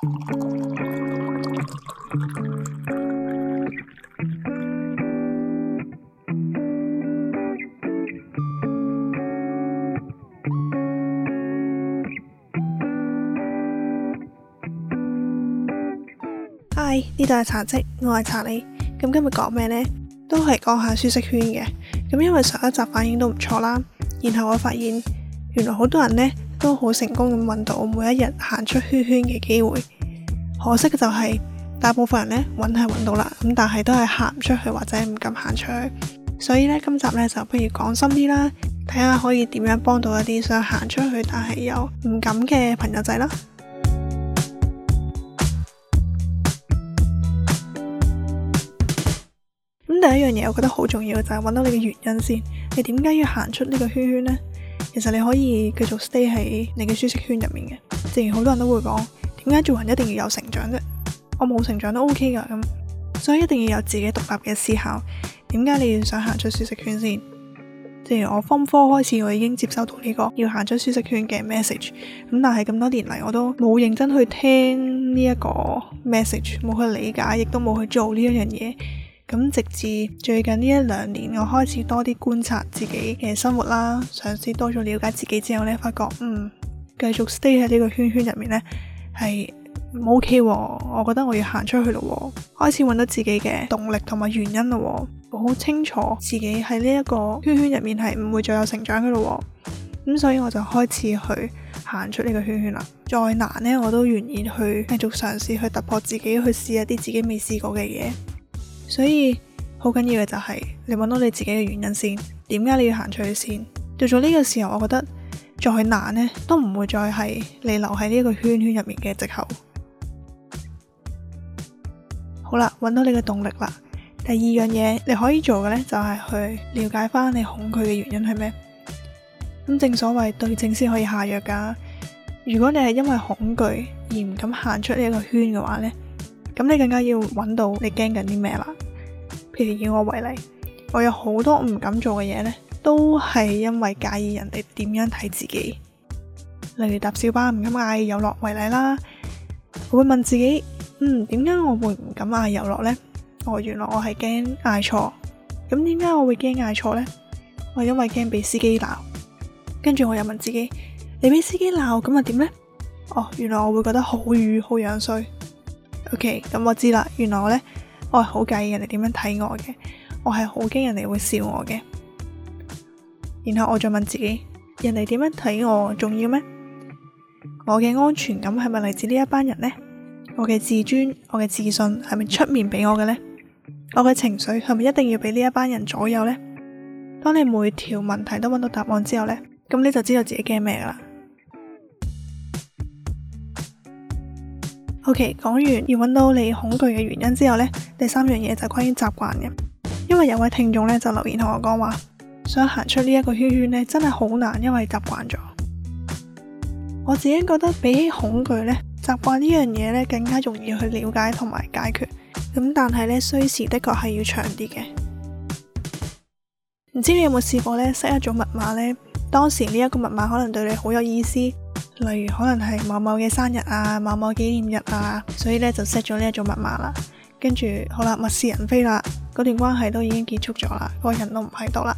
Hi，呢度係茶嘖，我係查你。咁今日講咩呢？都係講下舒適圈嘅。咁因為上一集反應都唔錯啦，然後我發現原來好多人呢。都好成功咁揾到每一日行出圈圈嘅機會，可惜嘅就係大部分人呢，揾係揾到啦，咁但係都係行唔出去或者唔敢行出去，所以呢，今集呢，就不如講深啲啦，睇下可以點樣幫到一啲想行出去但係又唔敢嘅朋友仔啦。咁 第一樣嘢，我覺得好重要嘅就係揾到你嘅原因先，你點解要行出呢個圈圈呢？其實你可以繼續 stay 喺你嘅舒適圈入面嘅，正如好多人都會講，點解做人一定要有成長啫？我冇成長都 OK 㗎。咁，所以一定要有自己獨立嘅思考。點解你要想行出舒適圈先？正如我分科開始我已經接收到呢個要行出舒適圈嘅 message，咁但係咁多年嚟，我都冇認真去聽呢一個 message，冇去理解，亦都冇去做呢一樣嘢。咁直至最近呢一兩年，我開始多啲觀察自己嘅生活啦，嘗試多咗了解自己之後呢，發覺，嗯，繼續 stay 喺呢個圈圈入面呢係唔 ok，我覺得我要行出去咯，開始搵到自己嘅動力同埋原因咯，我好清楚自己喺呢一個圈圈入面係唔會再有成長㗎咯，咁所以我就開始去行出呢個圈圈啦。再難呢，我都願意去繼續嘗試去突破自己，去試一啲自己未試過嘅嘢。所以好緊要嘅就係你揾到你自己嘅原因先，點解你要行出去先？到咗呢個時候，我覺得再難呢，都唔會再係你留喺呢一個圈圈入面嘅借口。好啦，揾到你嘅動力啦。第二樣嘢你可以做嘅呢，就係去了解翻你恐懼嘅原因係咩？咁正所謂對症先可以下藥噶。如果你係因為恐懼而唔敢行出呢一個圈嘅話呢，咁你更加要揾到你驚緊啲咩啦。以我為例，我有好多唔敢做嘅嘢呢，都係因為介意人哋點樣睇自己。例如搭小巴唔敢嗌有落為例啦，我會問自己：嗯，點解我會唔敢嗌有落呢？哦，原來我係驚嗌錯。咁點解我會驚嗌錯呢？我因為驚俾司機鬧。跟住我又問自己：你俾司機鬧咁又點呢？哦，原來我會覺得好瘀、好樣衰。OK，咁我知啦，原來我呢。我係好介意人哋點樣睇我嘅，我係好驚人哋會笑我嘅。然後我再問自己，人哋點樣睇我重要咩？我嘅安全感係咪嚟自呢一班人呢？我嘅自尊、我嘅自信係咪出面俾我嘅呢？我嘅情緒係咪一定要俾呢一班人左右呢？當你每條問題都揾到答案之後呢，咁你就知道自己驚咩啦。O.K. 講完要搵到你恐懼嘅原因之後呢，第三樣嘢就關於習慣嘅，因為有位聽眾呢，就留言同我講話，想行出呢一個圈圈呢，真係好難，因為習慣咗。我自己覺得比起恐懼呢，習慣呢樣嘢呢，更加容易去了解同埋解決，咁但係呢，需時的確係要長啲嘅。唔知你有冇試過呢？識一種密碼呢？當時呢一個密碼可能對你好有意思。例如可能係某某嘅生日啊，某某紀念日啊，所以咧就 set 咗呢一種密碼啦。跟住好啦，物是人非啦，嗰段關係都已經結束咗啦，個人都唔喺度啦。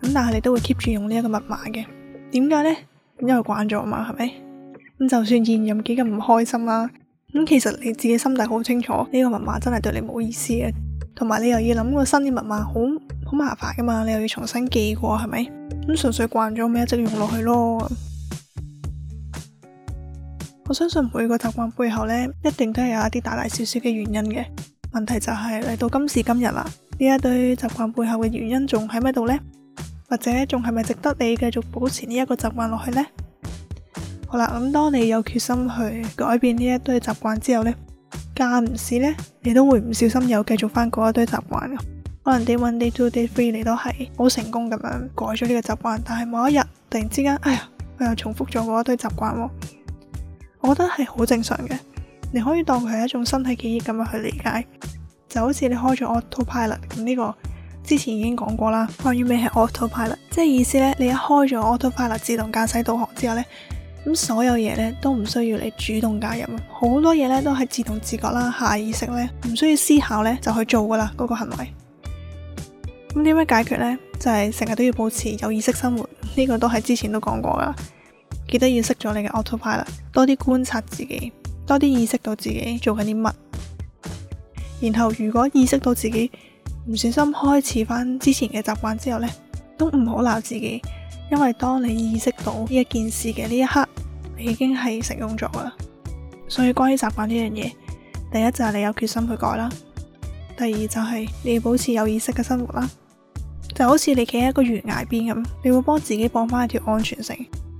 咁但係你都會 keep 住用呢一個密碼嘅，點解呢？因為慣咗啊嘛，係咪？咁就算現任幾咁唔開心啦，啊，咁其實你自己心底好清楚，呢、呢個密碼真係對你冇意思嘅，同埋你又要諗個新嘅密碼，好好麻煩噶嘛，你又要重新記過，係咪？咁純粹慣咗咪一直用落去咯。我相信每個習慣背後呢，一定都係有一啲大大小小嘅原因嘅。問題就係、是、嚟到今時今日啦，呢一堆習慣背後嘅原因仲喺咩度呢？或者仲係咪值得你繼續保持呢一個習慣落去呢？好啦，咁當你有決心去改變呢一堆習慣之後呢，間唔時呢，你都會唔小心有繼續翻嗰一堆習慣。可能 day one day two day three 你都係好成功咁樣改咗呢個習慣，但係某一日突然之間，哎呀，我又重複咗嗰一堆習慣喎。我覺得係好正常嘅，你可以當佢係一種身體記憶咁樣去理解，就好似你開咗 Autopilot 咁呢個，之前已經講過啦。關於咩係 Autopilot，即係意思呢，你一開咗 Autopilot 自動駕駛導航之後呢，咁所有嘢呢都唔需要你主動介入，好多嘢呢都係自動自覺啦，下意識呢，唔需要思考呢就去做噶啦，嗰個行為。咁點樣解決呢？就係成日都要保持有意識生活，呢個都係之前都講過啦。記得要熄咗你嘅 autopilot 多啲觀察自己，多啲意識到自己做緊啲乜。然後如果意識到自己唔小心開始翻之前嘅習慣之後呢，都唔好鬧自己，因為當你意識到呢一件事嘅呢一刻，你已經係成功咗啦。所以關於習慣呢樣嘢，第一就係你有決心去改啦，第二就係你要保持有意識嘅生活啦。就好似你企喺一個懸崖邊咁，你會幫自己放翻一條安全繩。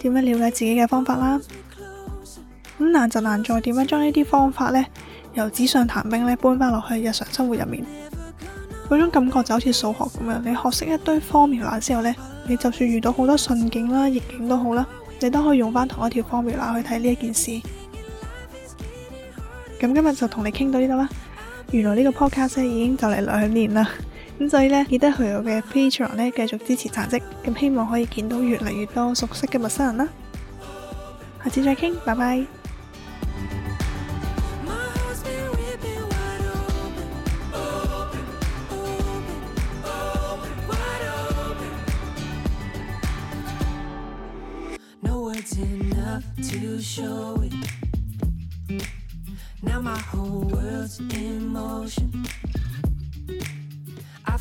點樣了解自己嘅方法啦？咁難就難在點樣將呢啲方法呢，由紙上談兵咧搬翻落去日常生活入面。嗰種感覺就好似數學咁樣，你學識一堆 formula 之後呢，你就算遇到好多順境啦、逆境都好啦，你都可以用翻同一條 formula 去睇呢一件事。咁今日就同你傾到呢度啦。原來呢個 podcast 已經就嚟兩年啦。咁所以呢，記得去我嘅 Patreon 呢，繼續支持茶嘖。咁希望可以見到越嚟越多熟悉嘅陌生人啦！下次再傾，拜拜。